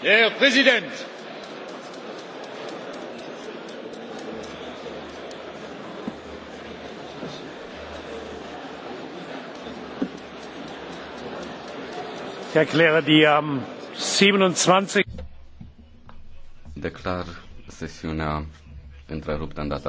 Herr Präsident! Ich erkläre die am 27. Declar sesiunea întreruptă în data